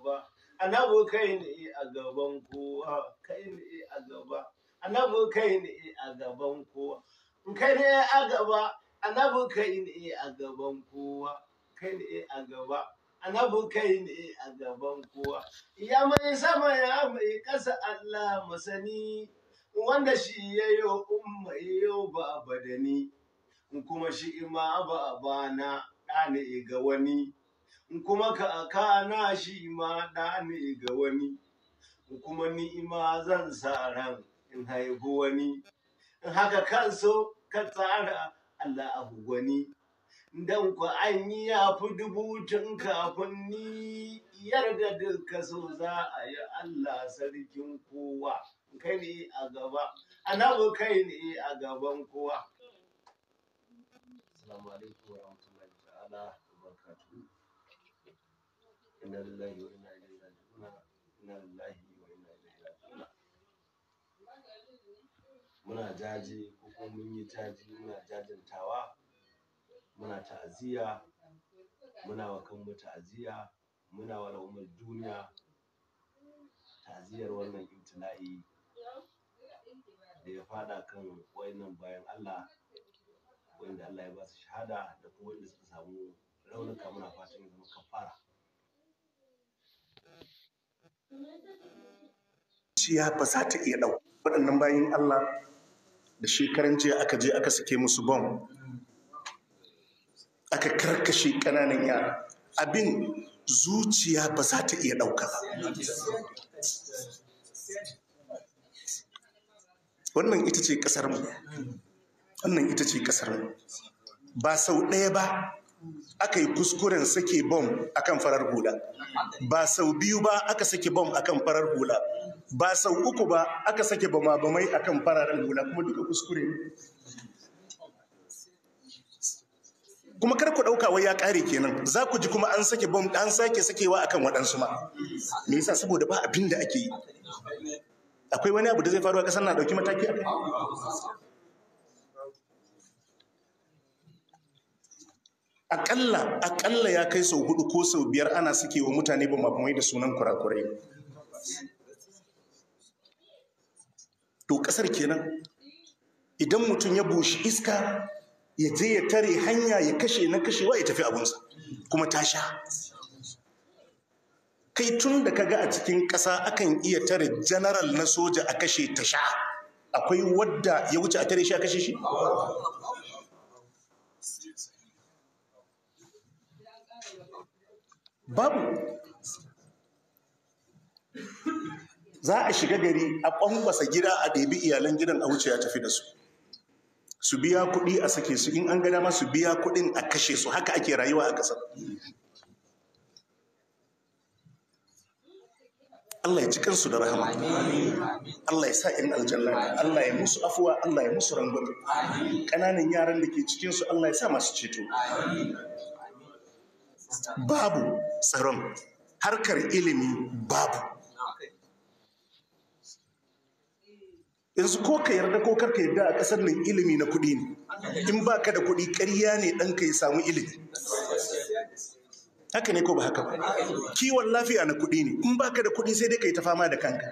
gaba annabu kai ne a gaban kowa kai ne a gaba annabu kai ne a gaban kowa kai ne a gaba annabu kai ne a gaban kowa kai ne a gaba annabu kai ne a gaban kowa ya mai sama ya mai kasa Allah masani wanda shi ya yi umma yau ba badani kuma shi ma ba bana ɗane ga wani kuma ka ka na shi ma da ne ga wani kuma ni ni'ima zan sa ran in haihu wani in haka kanso ka tsara Allah gwani dan ku an yi ya fi dubu tun kafin ni yarda duka so za a yi Allah sarkin kowa kai ne a gaba annabi kai ne a gaban kowa assalamu alaikum ta'ala inna muna jaje ko kuma mun yi jaji muna jajantawa muna ta'aziyya muna wa kanmu ta'aziyya muna wa al'ummar duniya ta'aziyar wannan ibtila'i da ya faɗa kan wayannan bayan Allah wanda Allah ya basu su shahada da kuma wanda suka samu raunuka muna fatan ya zama kafara ciya ba za ta iya ɗau waɗannan bayan Allah da shekaran jiya aka je aka sake musu bom aka karkashe ƙananan yara abin zuciya ba za ta iya ɗauka ba wannan ita ce mu wannan ita ce ƙasarmu ba sau ɗaya ba aka yi kuskuren sake bom akan farar hula ba sau biyu ba aka sake bom akan farar hula ba sau uku ba aka sake bama bamai akan fararen hula kuma duka kuskure kuma kar ku dauka wai ya kare kenan za ku ji kuma an sake bom an sake sakewa akan waɗansu ma me yasa saboda ba abin da ake yi akwai wani abu da zai faru a ƙasar na dauki mataki akai akalla akalla ya kai sau hudu ko sau biyar ana suke wa mutane ba mafamai da sunan kurakurai to ƙasar kenan idan mutum ya bushi iska ya je ya tare hanya ya kashe na kashewa ya tafi abunsa kuma ta sha kai tun da ka ga a cikin ƙasa akan iya tare janaral na soja a kashe ta sha akwai wadda ya wuce a tare shi a kashe shi babu za a shiga gari a kwankwasa gida a ɗebi iyalan gidan a wuce ya tafi da su su biya kuɗi a sake su in an gada ma su biya kuɗin a kashe su haka ake rayuwa a ƙasar Allah ya ci kansu da rahama Allah ya sa in aljanna Allah ya musu afuwa Allah ya musu rangwame ƙananan yaran da ke cikinsu Allah ya sa masu ceto babu tsaron harkar ilimi babu yanzu ko ka yarda ko kar ka yarda a ƙasar nan ilimi na kuɗi ne in ba ka da kuɗi ƙarya ne ɗan ka ya samu ilimi haka ne ko ba haka ba kiwon lafiya na kuɗi ne in ba ka da kuɗi sai dai ka yi ta fama da kanka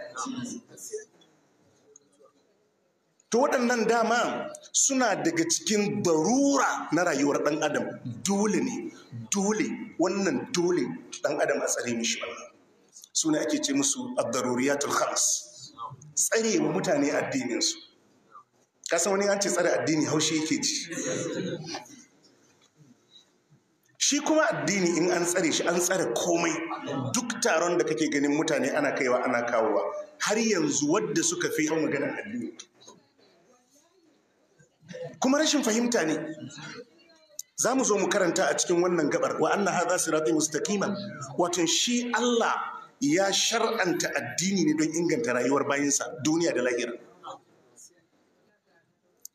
to waɗannan dama suna daga cikin barura na rayuwar ɗan adam dole ne dole wannan dole ɗan adam a tsare mishi wannan suna ake ce musu abdaruriyatul khams tsare wa mutane addininsu kasan wani an ce tsare addini haushi yake ji shi kuma addini in an tsare shi an tsare komai duk taron da kake ganin mutane ana kaiwa ana kawowa har yanzu wadda suka fi yawan maganar addini kuma rashin fahimta ne za mu zo mu karanta a cikin wannan gabar wa anna hadha siratun kima. wato shi Allah ya shar'anta addini ne don inganta rayuwar bayansa duniya da lahira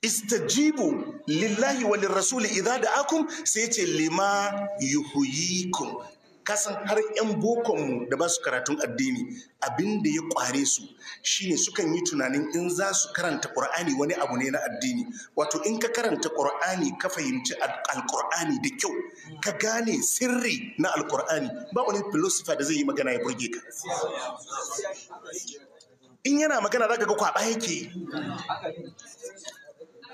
istajibu lillahi rasuli lirrasuli da akum sai ce lima yuhyikum kasan har 'yan bokonmu da ba su karatun addini abin da ya kware su shine sukan yi tunanin in za su karanta ƙur'ani wani abu ne na addini wato in ka karanta ƙur'ani ka fahimci alƙur'ani da kyau ka gane sirri na alƙur'ani ba wani philosopher da zai yi magana ya burge ka in yana magana za ka ga kwaɓa yake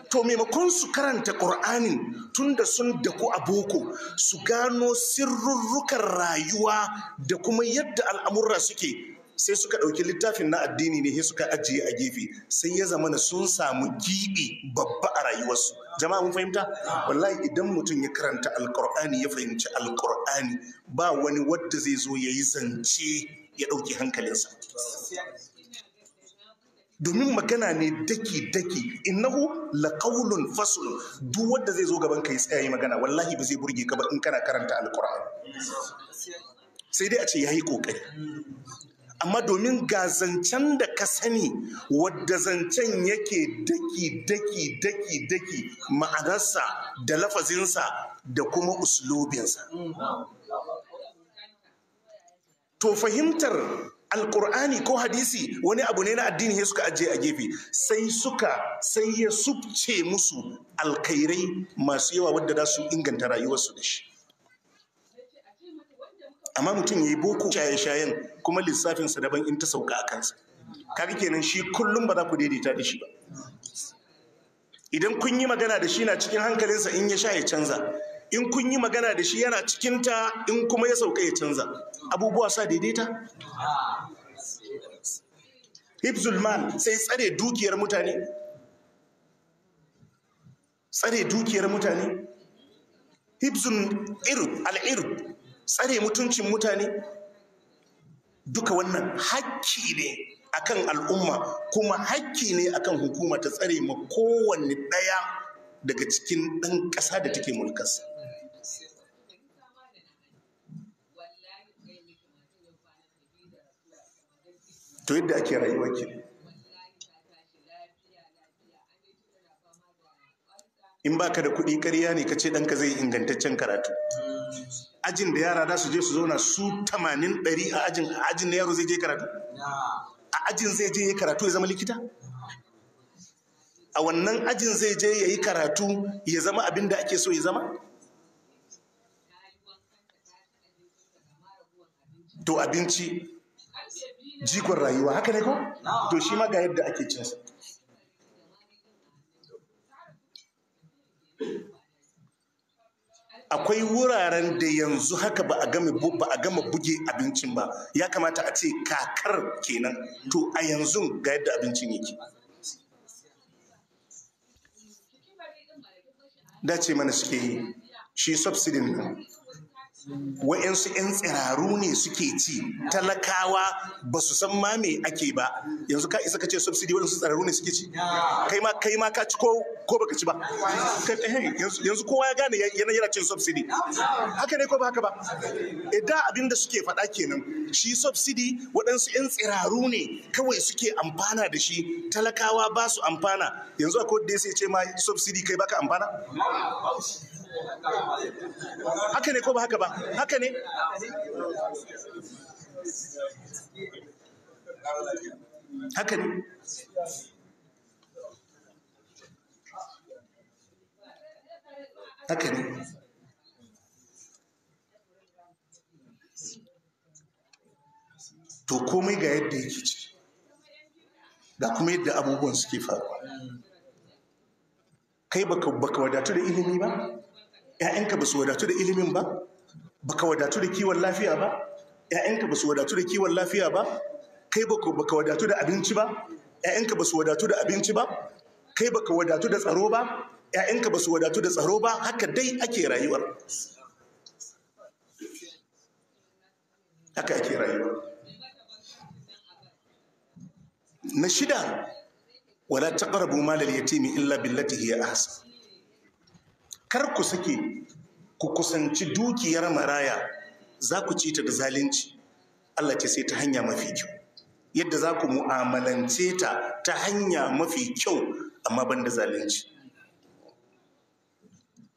to maimakon su karanta ƙur'anin tun da sun daku a boko su gano sirrurrukan rayuwa da kuma yadda al'amurra suke sai suka ɗauki littafin na addini ne suka ajiye a gefe sai ya zamana sun samu giɓi babba a rayuwarsu jama'a mun fahimta wallahi idan mutum ya karanta alƙur'ani ya fahimci alƙur'ani ba wani wadda zai zo ya yi zance ya ɗauki hankalinsa domin magana ne daki daki innahu laqawlun fasul duk wanda zai zo gaban ka ya tsaya yi magana wallahi ba zai burge ka ba in kana karanta alquran sai dai a ce yayi kokari amma domin ga zancen da ka sani wadda zancen yake daki daki daki daki ma'anarsa da lafazinsa da kuma uslubinsa to fahimtar alkur'ani ko hadisi wani abu ne na addini ya suka ajiye a gefe sai suka sai ya subce musu alkairai masu yawa wadda za su inganta rayuwarsu da shi amma mutum ya yi boko shaye-shayen kuma lissafinsa daban in ta sauka a kansa kaga kenan shi kullum ba za ku daidaita da shi ba idan kun yi magana da shi na cikin hankalinsa in ya sha ya canza in kun yi magana da shi yana cikinta in kuma ya sauka ya canza abubuwa sa daidaita hibzulman sai tsare dukiyar mutane tsare dukiyar mutane hibzun iru al'iru tsare mutuncin mutane duka wannan hakki ne akan al'umma kuma hakki ne akan hukuma ta tsare ma kowanne ɗaya daga cikin ɗan ƙasa da take mulkarsa to yadda ake rayuwar ki in ba ka da kuɗi ƙarya ne ka ce ɗanka zai ingantaccen karatu ajin da yara za su je su zauna su tamanin ɗari a ajin a ajin na yaro zai je karatu a ajin zai je ya karatu ya zama likita a wannan ajin zai je ya yi karatu ya zama abin da ake so ya zama to abinci jikon rayuwa haka ne ko to shi ma ga yadda ake cinsa. akwai wuraren da yanzu haka ba a gama ba a gama buge abincin ba ya kamata a ce kakar kenan to a yanzu ga yadda abincin yake dace mana suke yi shi subsidin nan wa'yansu 'yan tsiraru ne suke ci talakawa ba su san ma me ake ba yanzu ka isa ka ce subsidi waɗansu tsiraru ne suke ci kai ma kai ma ka ci ko ko baka ci ba yanzu kowa ya gane yana yana cin subsidi haka ne ko ba haka ba idan eh, abin da suke faɗa kenan shi subsidi waɗansu 'yan tsiraru ne kawai suke amfana da shi talakawa ba su amfana yanzu akwai da ya ce ma subsidi kai baka amfana haka ne ko ba haka ba haka ne haka ne haka ne to komai ga yadda yake ce, da kuma yadda abubuwan suke faruwa kai baka wadatu da ilimi ba ‘ya'yanka ba su wadatu da ilimin ba Ba ka wadatu da kiwon lafiya ba ‘ya'yanka ba su wadatu da kiwon lafiya ba kai baka wadatu da abinci ba ‘ya'yanka ba su wadatu da abinci ba kai baka wadatu da tsaro ba ‘ya'yanka ba su wadatu da tsaro ba haka dai ake rayuwar haka ake rayuwa na shida wala taqrabu malal yatimi illa billati hiya ahsan kar ku sake ku kusanci dukiyar maraya za ku ci ta da zalunci Allah ce sai ta hanya mafi kyau yadda za ku mu'amalance ta ta hanya mafi kyau amma ban da zalunci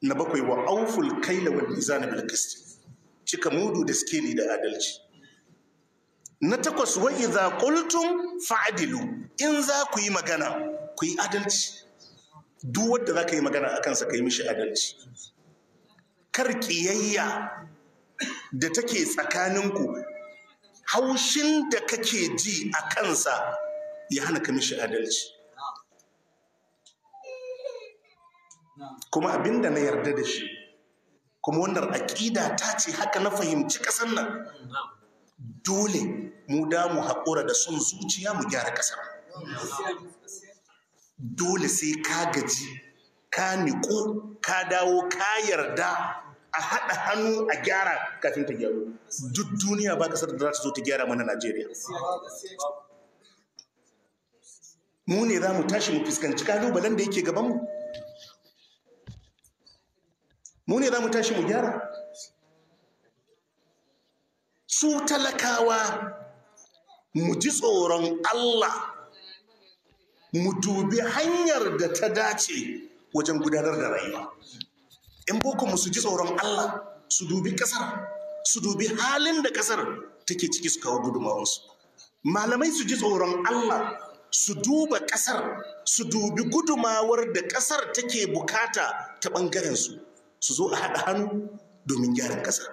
na bakwai wa auful kaila wal mizan bil qist cika mudu da skeli da adalci na takwas wa idza qultum fa'dilu in za ku yi magana ku yi adalci duk wanda za ka yi magana a kansa ka yi mishi adalci kar ƙiyayya da take tsakaninku haushin da kake ji a kansa ya hana ka mishi adalci kuma abinda na yarda da shi kuma wannan aƙida ta ce haka na fahimci ƙasar nan dole mu damu haƙura da sun zuciya mu gyara ƙasar dole sai ka gaji ka niko, ka dawo ka yarda a haɗa hannu a gyara kafin ta gyaru duk duniya ba ƙasar da za ta zo ta gyara mana najeriya mu ne za mu tashi mu fuskanci kalubalen da yake gabanmu mu ne za mu tashi mu gyara su talakawa mu ji tsoron allah mu dubi hanyar da ta dace wajen gudanar da rayuwa in boko musu ji tsoron Allah su dubi kasar su dubi halin da kasar take ciki su kawo gudunmawarsu malamai su ji tsoron Allah su duba kasar su dubi gudumawar da kasar take bukata ta bangaren su su zo a haɗa hannu domin gyaran kasar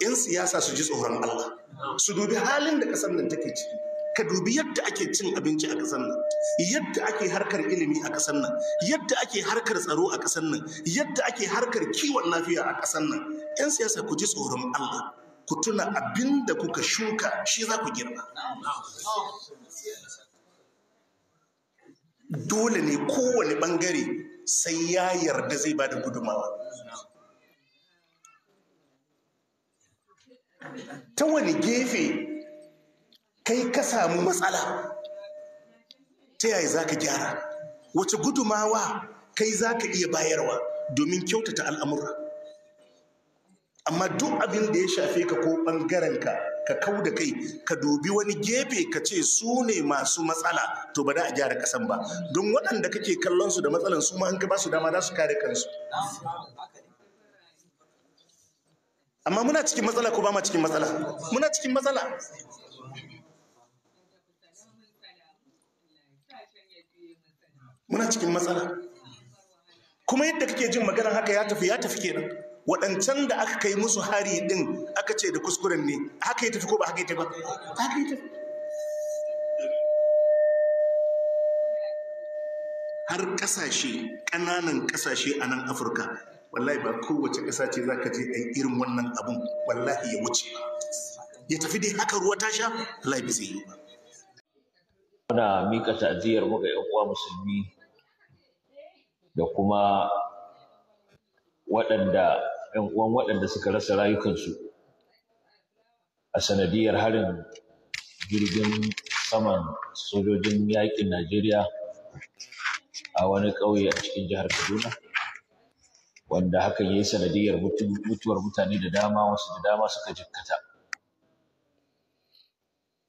In siyasa su ji tsoron Allah su dubi halin da kasar nan take ciki ka dubi yadda ake cin abinci a ƙasar nan yadda ake harkar ilimi a ƙasar nan yadda ake harkar tsaro a ƙasar nan yadda ake harkar kiwon lafiya a ƙasar nan 'yan siyasa ku ji tsoron Allah ku tuna abin da kuka shuka shi za ku girma dole ne kowane ɓangare sai ya yarda zai ba da gudumawa ta wani gefe kai ka samu matsala ta yaya za ka gyara wace gudumawa kai za ka iya bayarwa domin kyautata al'amura amma duk abin da ya shafe ka ko ɓangarenka ka kau da kai ka dubi wani gefe ka ce su ne masu matsala to ba da a gyara kasan ba don waɗanda kake kallon su da matsalan su ma an ka su dama za su kare kansu amma muna cikin matsala ko ba ma cikin matsala muna cikin matsala muna cikin matsala kuma yadda kake jin maganar haka ya tafi ya tafi kenan waɗancan da aka kai musu hari ɗin aka ce da kuskuren ne haka ya tafi ko ba haka ya tafi ba har ƙasashe ƙananan ƙasashe a nan afirka wallahi ba kowace ƙasa ce za ka je a irin wannan abun wallahi ya wuce ya tafi dai haka ruwa ta sha wallahi bai zai yi ba muna miƙa ta'aziyar mu ga 'yan uwa musulmi da kuma waɗanda ‘yan uwan waɗanda suka rasa rayukansu a sanadiyar harin jirgin saman sojojin yaƙin Najeriya a wani ƙauye a cikin jihar Kaduna wanda hakan ya yi sanadiyar mutuwar mutane da dama wasu da dama suka jikkata.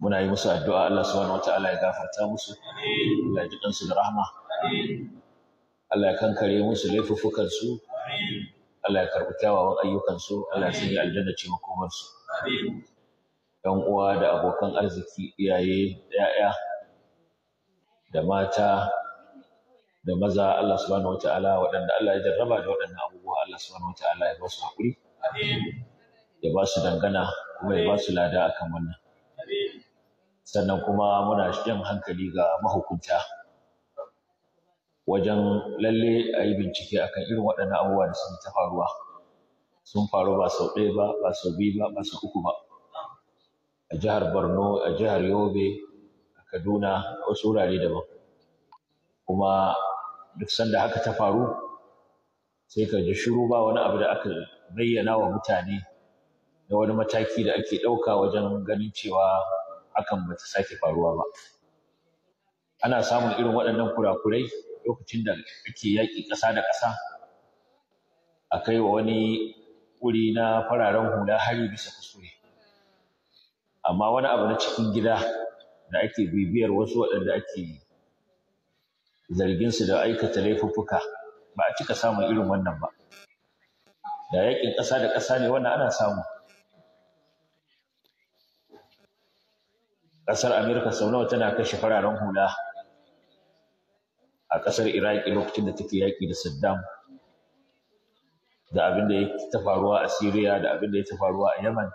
Muna yi musu addu'a Allah subhanahu wa ta'ala ya gafarta musu, Allah ya ji da rahama. Allah ya kankare musu laifuffukansu Allah ya karɓi kyawawan ayyukansu Allah ya sanya aljanna ce makomarsu ɗan uwa da abokan arziki iyaye ya'ya da mata da maza Allah subhanahu wata'ala waɗanda Allah ya jarraba da waɗannan abubuwa Allah subhanahu wata'ala ya ba su haƙuri ya ba su dangana kuma ya ba su lada akan wannan sannan kuma muna jan hankali ga mahukunta wajen lalle a yi bincike akan irin waɗannan abubuwa da suke ta faruwa sun faru ba sau ɗaya ba ba sau biyu ba ba sau uku ba a jihar borno a jihar yobe a kaduna a wasu wurare daban kuma duk sanda haka ta faru sai ka ji shiru ba wani abu da aka bayyana wa mutane da wani mataki da ake ɗauka wajen ganin cewa hakan ba ta sake faruwa ba ana samun irin waɗannan kurakurai lokacin da ake yaƙi ƙasa da ƙasa a kai wa wani wuri na fararen hula hari bisa kuskure amma wani abu na cikin gida da ake bibiyar wasu waɗanda ake zargin su da aikata laifuffuka ba a cika samun irin wannan ba da yaƙin ƙasa da ƙasa ne wannan ana samu ƙasar amurka sau nawa tana kashe fararen hula a ƙasar iraki lokacin da take yaƙi da saddam da abin da ya ta faruwa a siriya da abin da ya ta faruwa a yaman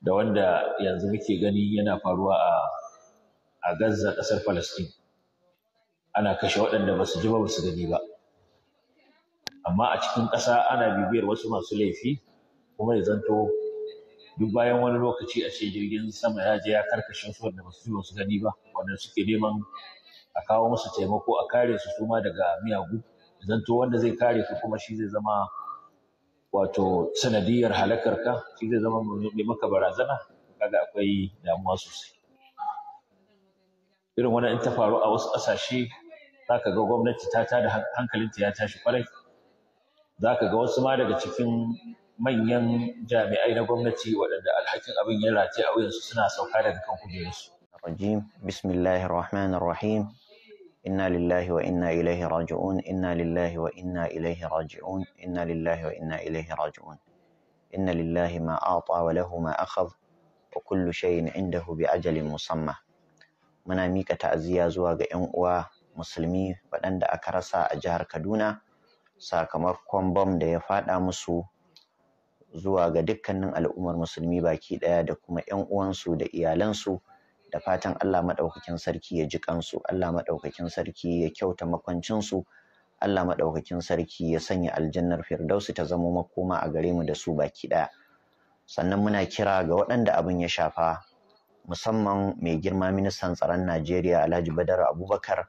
da wanda yanzu muke gani yana faruwa a a gaza ƙasar falastin ana kashe waɗanda ba su ji ba su gani ba amma a cikin ƙasa ana bibiyar wasu masu laifi kuma ya zanto duk bayan wani lokaci a ce jirgin sama ya je ya karkashe wasu wanda ba su ji ba su gani ba wanda suke neman a kawo musu taimako a kare su suma daga miyagu zanto wanda zai kare ka kuma shi zai zama wato sanadiyar halakar ka shi zai zama mai maka barazana kaga akwai damuwa sosai irin wani in ta faru a wasu ƙasashe za ka ga gwamnati ta tada hankalinta ya tashi kwarai za ka ga wasu ma daga cikin manyan jami'ai na gwamnati waɗanda alhakin abin ya rataye a wuyansu suna sauka daga kan kujerarsu. Rajim, Bismillahirrahmanirrahim. inna lillahi wa inna ilaihi raji'un inna lillahi wa inna ilaihi raji'un inna lillahi wa inna ilaihi raji'un inna lillahi ma ata wa lahu ma akhadh wa kullu shay'in indahu bi ajalin musamma muna mika ta'aziyya zuwa ga yan uwa musulmi waɗanda aka rasa a jihar Kaduna sakamakon bom da ya faɗa musu zuwa ga dukkanin al'ummar musulmi baki daya da kuma 'yan uwansu da iyalansu da fatan Allah maɗaukakin sarki ya ji kansu Allah maɗaukakin sarki ya kyauta makwancinsu Allah maɗaukakin sarki ya sanya aljannar firdausi ta zamo makoma a gare mu da su baki ɗaya sannan muna kira ga waɗanda abin ya shafa musamman mai girma ministan tsaron Najeriya Alhaji Badar Abubakar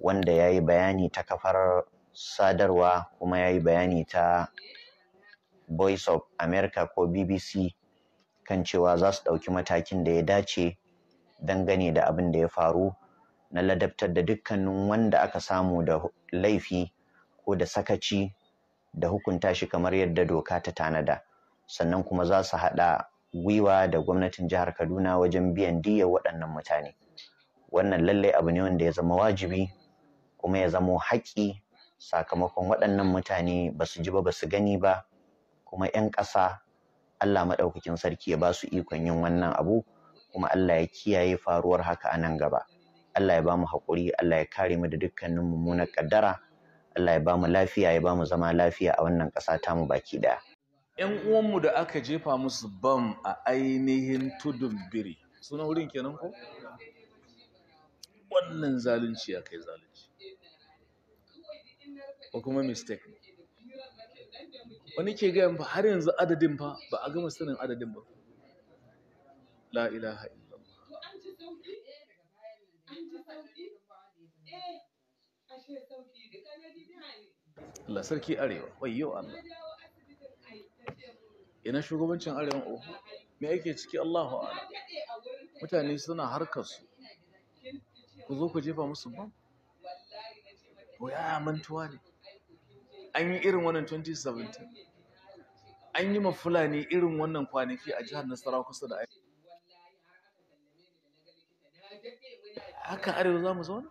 wanda ya yi bayani ta kafar sadarwa kuma ya yi bayani ta Voice of America ko BBC kan cewa za su ɗauki matakin da ya dace dangane da abin da ya faru na ladabtar da dukkanin wanda aka samu da laifi ko da sakaci da hukunta shi kamar yadda doka ta tanada sannan kuma za su haɗa gwiwa da gwamnatin jihar kaduna wajen biyan diya waɗannan mutane wannan lallai abu ne wanda ya zama wajibi kuma ya zamo haƙƙi sakamakon waɗannan mutane ba su ji ba ba su gani ba kuma 'yan ƙasa allah maɗaukakin sarki ya ba su ikon yin wannan abu kuma Allah ya kiyaye faruwar haka a nan gaba Allah ya ba mu haƙuri Allah ya kare mu da dukkanin mummunan ƙaddara Allah ya ba mu lafiya ya ba mu zama lafiya a wannan ƙasa ta mu baki ɗaya. ‘Yan uwanmu da aka jefa musu bam a ainihin tudun biri sunan wurin kenan ko? Wannan zalunci ya kai zalunci. Ko kuma mistake Wani ke gaya har yanzu adadin fa ba a gama sanin adadin ba. la ilaha illallah Allah eh, sarki arewa wayyo Allah ina shugabancin arewa oho me yake ciki Allahu a'lam mutane suna harkar su ku zo ku jefa musu ban to ya mantuwa ne an yi irin wannan 2017 an yi mafula ne irin wannan kwanaki a jihar Nasarawa kusa da aiki haka arewa za mu zauna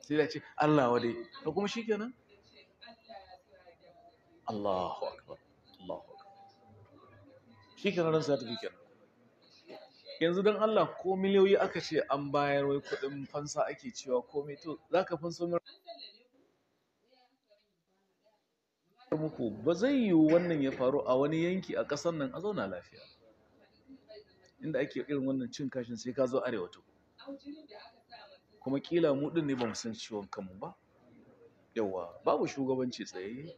sai da ce Allah wadai ta kuma shi kenan Allahu akbar Allahu akbar shi kenan ransa ta kenan yanzu don Allah ko miliyoyi aka ce an bayar wai kudin fansa ake cewa komai to zaka fansa mu muku ba zai yi wannan ya faru a wani yanki a ƙasar nan a zauna lafiya inda ake irin wannan cin kashin sai ka zo arewa ta kuma kila mu din ne ba mu san ciwon kanmu ba yawa babu shugabanci tsaye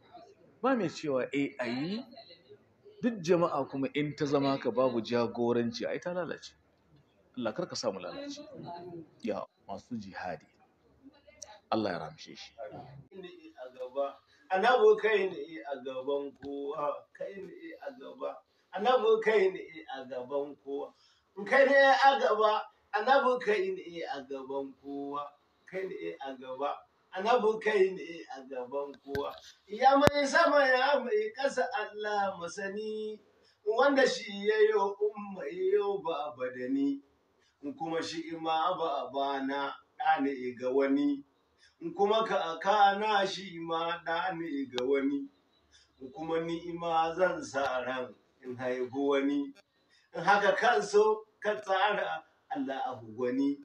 ba mai cewa ai ayi duk jama'a kuma in ta zama ka babu jagoranci ai ta lalace Allah kar ka samu lalace ya masu jihadi Allah ya ramshe shi a gaba ana kai ne a gaban kowa kai ne a gaba annabi kai ne a gaban kowa kai ne a gaba annabi kai ne a gaban kowa kai ne a gaba annabi kai ne a gaban kowa ya mai sama ya mai kasa Allah masani wanda shi ya yi umma yau ba da ni. kuma shi ma ba bana ɗani ga wani kuma ka na shi ma ɗani ga wani kuma ni'ima zan sa ran in haihu wani in haka kan so ka tsara Allahu wani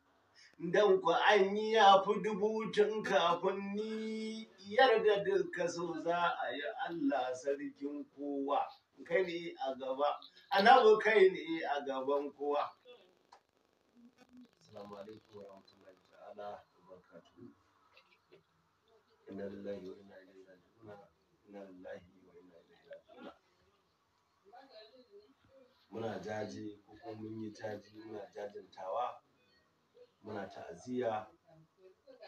dan ku an yi ya fi dubu tun kafin ni yarda duka so za a yi Allah sarkin kowa kai ne a gaba anabu kai ne a gaban kowa assalamu alaikum wa rahmatullahi ta'ala wa barakatuh inna lillahi wa inna ilaihi raji'un muna jaje ko kuma mun yi jaje muna jajantawa muna ta'aziyya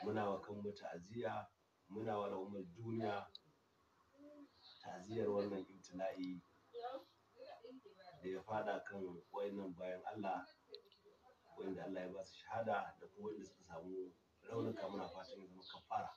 muna wa kanmu ta'aziyya muna wa al'ummar duniya ta'aziyyar wannan ibtila'i da ya faɗa kan wayannan bayan Allah wanda Allah ya ba su shahada da kuma wanda suka samu raunuka muna fatan ya zama kafara